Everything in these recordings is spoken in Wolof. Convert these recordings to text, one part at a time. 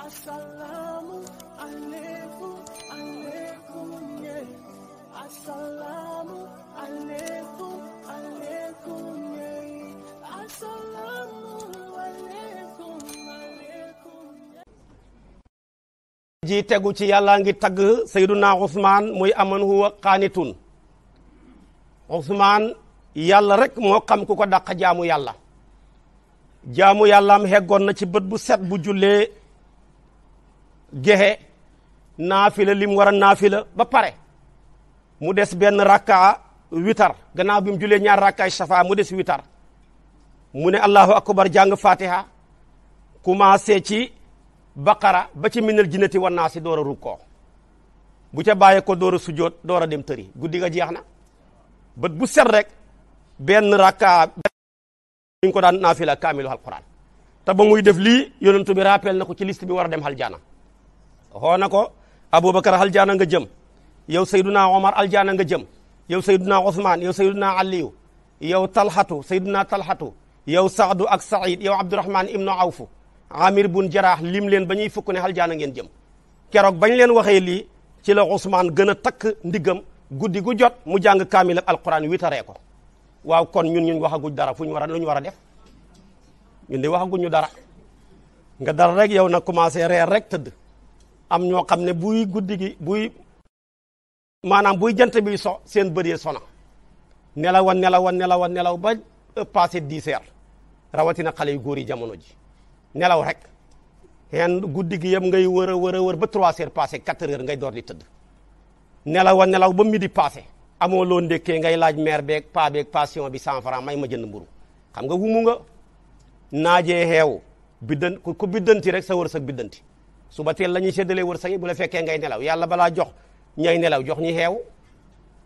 ji tegu ci yàlla ngi tagg Seyduna Ousmane muy aman huwa qaanitun Ousmane yàlla rek moo xam ku ko dàq jaamu yàlla jaamu yàllaam heggoon na ci bët bu set bu jullee jexe naafila lim war a naafila ba pare mu des benn rakka witar gannaaw bi mu julee ñaar rakkaay safa mu des witar mu ne allahu akbar jàng fatiha commencé ci baqara ba ci minal jinnati wan naa si door a rukkoo bu ca bàyyee ko door a sujoot door a dem tëri guddi ga jeex na bët bu set rek benn rakka ñu ko daan naafila kaamilu alquran te ba muy def lii yonentu bi rappel na ko ci list bi war a dem aljana xoo na ko aboubacar aljaana nga jëm yow sayduna omar aljaana nga jëm yow sayduna ousmane yow sayduna aliyu yow talhatu sayduna talhatu yow saadu ak said yow abdourahman ibnu awfu amir bun jaraax lim leen ba ñuy fukk ne aljaana ngeen jëm keroog bañ leen waxee lii ci la ousmane gën a takk ndiggam guddi gu jot mu jàng kaamil ak wi witaree ko waaw kon ñun ñun waxaguñ dara fu ñu war a lu ñu war a def ñun de waxaguñu dara nga dara rek yow na commencé reer rek tëdd am ñoo xam ne buy guddi gi buy maanaam buy jant bi so seen bëree sona nelawa nelawa nelawa nelaw ba passé dix heures rawatina xale yu góor yi jamono ji nelaw rek xeen guddi gi yëpp ngay wër a wër a wër ba trois heures passé quatre heures ngay door di tëdd nelawa nelaw ba midi passé amoo loo ndékkee ngay laaj mère beek paa beeg passion bi san franc may ma jënd mburu xam nga wumu nga naajee xeew biddan ku biddanti rek sa biddan biddanti suba teel la ñuy séddalee wërsëg yi bu la fekkee ngay nelaw yàlla balaa jox ñay nelaw jox ñi xeew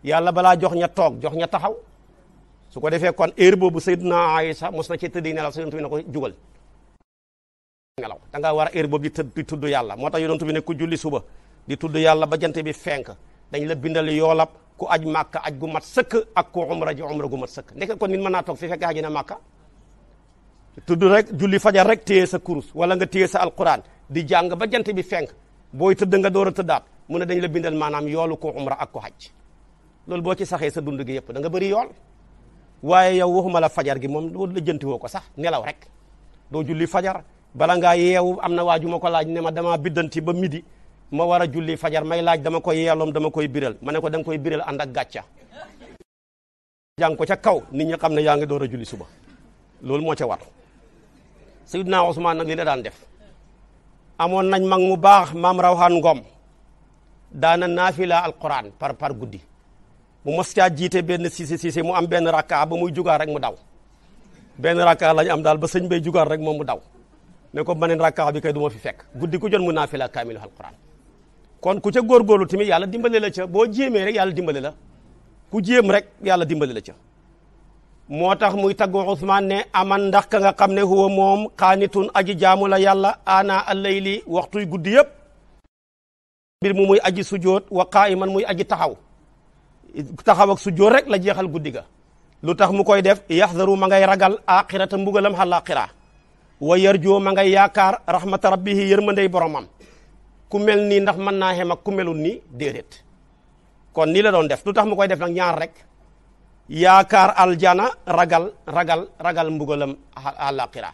yàlla balaa jox ña toog jox ña taxaw su ko defee kon heure boobu Sayyiduna Aïcha mos na ci tëdd yi nelaw sa yonent na ne ko jugal nelaw da nga war a heure boobu di tëdd di tudd yàlla moo tax yonent bi ne ku julli suba di tudd yàlla ba jant bi fenk dañ la bindal yoolab ku aj màkka aj gu mat sëkk ak ku umra ji umra gu mat sëkk ndeke kon nit mën naa toog fi fekk aji na màkka tudd rek julli fajar rek téye sa kurus wala nga téye sa alquran di jàng ba jant bi fenk booy tëdd nga door a tëddaat mu ne dañ la bindal maanaam yoolu ko umra ak ko hajj loolu boo ci saxee sa dund gi yëpp da nga bëri yool waaye yow waxuma la fajar gi moom loolu la jënti woo ko sax nelaw rek doo julli fajar bala ngaa yeewu am na waaju ma ko laaj ne ma damaa biddanti ba midi ma war a julli fajar may laaj dama koy yeeloom dama koy biral ma ne ko danga koy biral ànd ak gàcca jàng ko ca kaw nit ñi xam ne yaa ngi door a julli suba loolu moo ca war Seydina Ousmane nag li la daan def amoon nañ mag mu baax maam rawxaan ngom daana naafila alquran par par guddi mu mos caa jiite benn siise siise mu am benn rakka ba muy jugaar rek mu daw benn rakka lañ am daal ba sëñ bay jugaar rek moom mu daw ne ko beneen rakka bi kay du ma fi fekk guddi ku jot mu naafila kaamilu alquran kon ku ca góorgóorlu tamit yàlla dimbale la ca boo jéemee rek yàlla dimbale la ku jéem rek yàlla dimbale la ca moo tax muy taggu Ousmane ne aman ndax ka nga xam ne huwa moom kaa xaanitun aji jaamu la yàlla ana allayli waxtuy guddi yëpp mbir mu muy aji sujoot wa qaa'iman muy aji taxaw taxaw ak sujoot rek la jeexal guddi ga lu tax mu koy def yaxdaru ma ngay ragal axirata mbugalam xalaaxira wa yarjoo ma ngay yaakaar rahmata rabbihi yërmandey boromam ku mel nii ndax mën naa xem ak ku melul nii déedéet kon nii la doon def lu tax mu koy def nag ñaar rek yaakaar aljana ragal ragal ragal mbugalam àllaaxira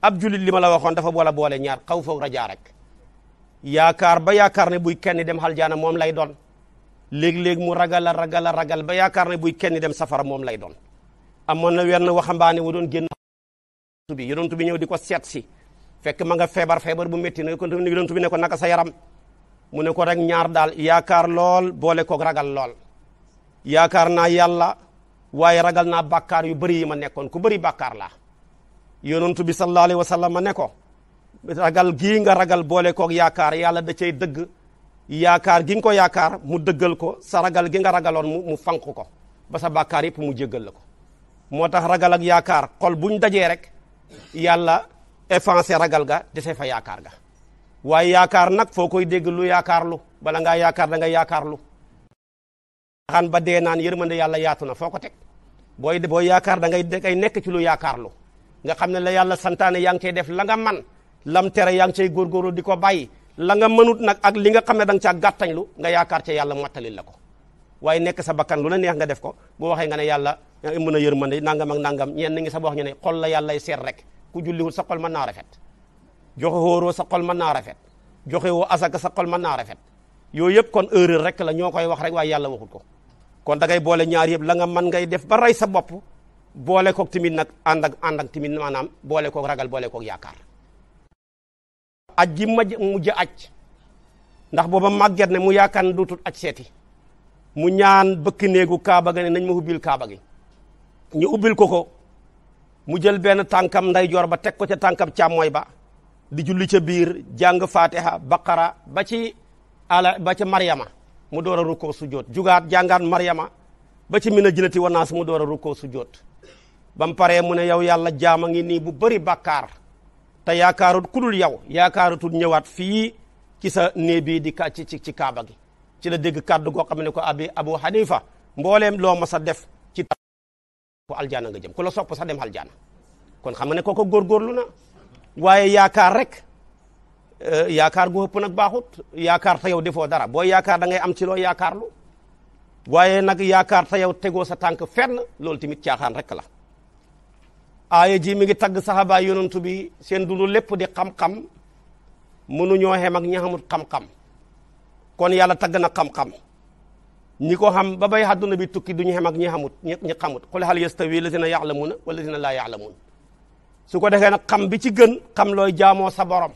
ab julit li ma la waxoon dafa boole boole ñaar xaw foog rajaa rek yaakaar ba yaakaar ne buy kenn dem aljana moom lay doon léeg-léeg mu ragal a ragal ragal ba yaakaar ne buy kenn dem safara moom lay doon amoon na wenn waxambaane wu doon génn bi yonent bi ñëw di ko seet si fekk ma nga feebar feebar bu métti ne ko yonent bi ne ko naka sa yaram mu ne ko rek ñaar daal yaakaar lool boole koog ragal lool yaakaar waaye ragal naa bakkaar yu bëri yi ma nekkoon ku bëri bàkkaar laa yonentu bi sallallahu alayhi wa ma ne ko ragal gii nga ragal boole kook yaakaar yàlla da cay dëgg yaakaar gi nga ko yaakaar mu dëggal ko sa ragal gi nga ragaloon mu mu fanq ko ba sa bàkkaar yëpp mu jéggal la ko moo tax ragal ak yaakaar xol buñ dajee rek yàlla effacé ragal ga dese fa yaakaar ga waaye yaakaar nag foo koy dégg lu yaakaarlu bala ngaa yaakaar da nga yaakaarlu xan ba dee naan yërmande yàlla yaatu na foo ko teg booy booy yaakaar da ngay da ngay nekk ci lu yaakaarlu nga xam ne la yàlla santaane yaa ngi cay def la nga man lam tere yaa ngi cay góorgóorlu di ko bàyyi la nga mënut nag ak li nga xam ne da nga caa lu nga yaakaar ca yàlla mattalil la ko waaye nekk sa bakkan lu la neex nga def ko bu waxee nga ne yàlla mën a yërmande nangam ak nangam ñenn ngi sa wax ñu ne xol la yàllay seet rek ku julliwul sa xol mën naa rafet joxe wóoroo sa xol man naa rafet joxe woo asaka sa kol man naa rafet yooyu yëpp kon erreur rek la ñoo koy wax rek waaye yàlla waxut ko kon da ngay boole ñaar yëpp la nga mën ngay def ba ray sa bopp boole koog tamit nag ànd ak ànd ak tamit maanaam boole koog ragal boole koog yaakaar. aj mu ma aj ndax booba màgget ne mu yaakaar ne duutul aj seeti mu ñaan bëkk néegu kaaba ga ne nañ ma ubbil kaaba gi ñu ubbil ko ko mu jël benn tànkam ndeyjoor ba teg ko ca tànkam càmmooy ba di julli ca biir jàng fatiha baqara ba ci ala ca maryama mu door a rukkoo sujjoot jugaat jàngaat Maryama ba ci min a jinati wa naas mu door a rukkoo sujjoot ba mu paree mu ne yow yàlla jaama ngi nii bu bëri bàkkaar te yaakaarut ku dul yow yaakaarutul ñëwaat fii ci sa nee bii di ka ci ci kaaba gi ci la dégg kàddu goo xam ne ko abi abu hanifa mbooleem loo ma sa def ci ku nga jëm ku la sopp sa dem aljana kon xam nga ne kooko góorgóorlu na waaye yaakaar rek Eh, yaakaar gu ëpp nag baaxut yaakaar te yow defoo dara booy yaakaar da ngay am ci loo yaakaarlu waaye nag yaakaar te yow tegoo sa tànk na loolu tamit caaxaan rekk la aaya ji mi ngi tagg saxaabaay yonantu bi seen dundu lépp di xam-xam mënuñoo xem ak ñi xamut xam-xam kon yàlla tagg na xam-xam ñi ko xam ba bay àdduna bi tukki duñu xem ak ñi xamut ñi xamut qul hal yastawi lazina ya'lamuna wa lazina laa ya'lamun su ko defee nag xam bi ci gën xam looy jaamoo sa borom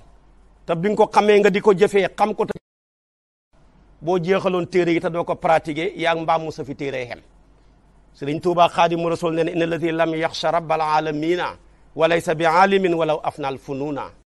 te bi nga ko xamee nga di ko jëfee xam ko te boo jeexaloon téere yi te doo ko pratiquer yaa ngi mbaam musa fi téere xel Sëriñ Tuubaa Xaadimu Rasuul ne inna alladi lam yaxsha rabbal alamina walaysa bi alimin walaw afnal fununa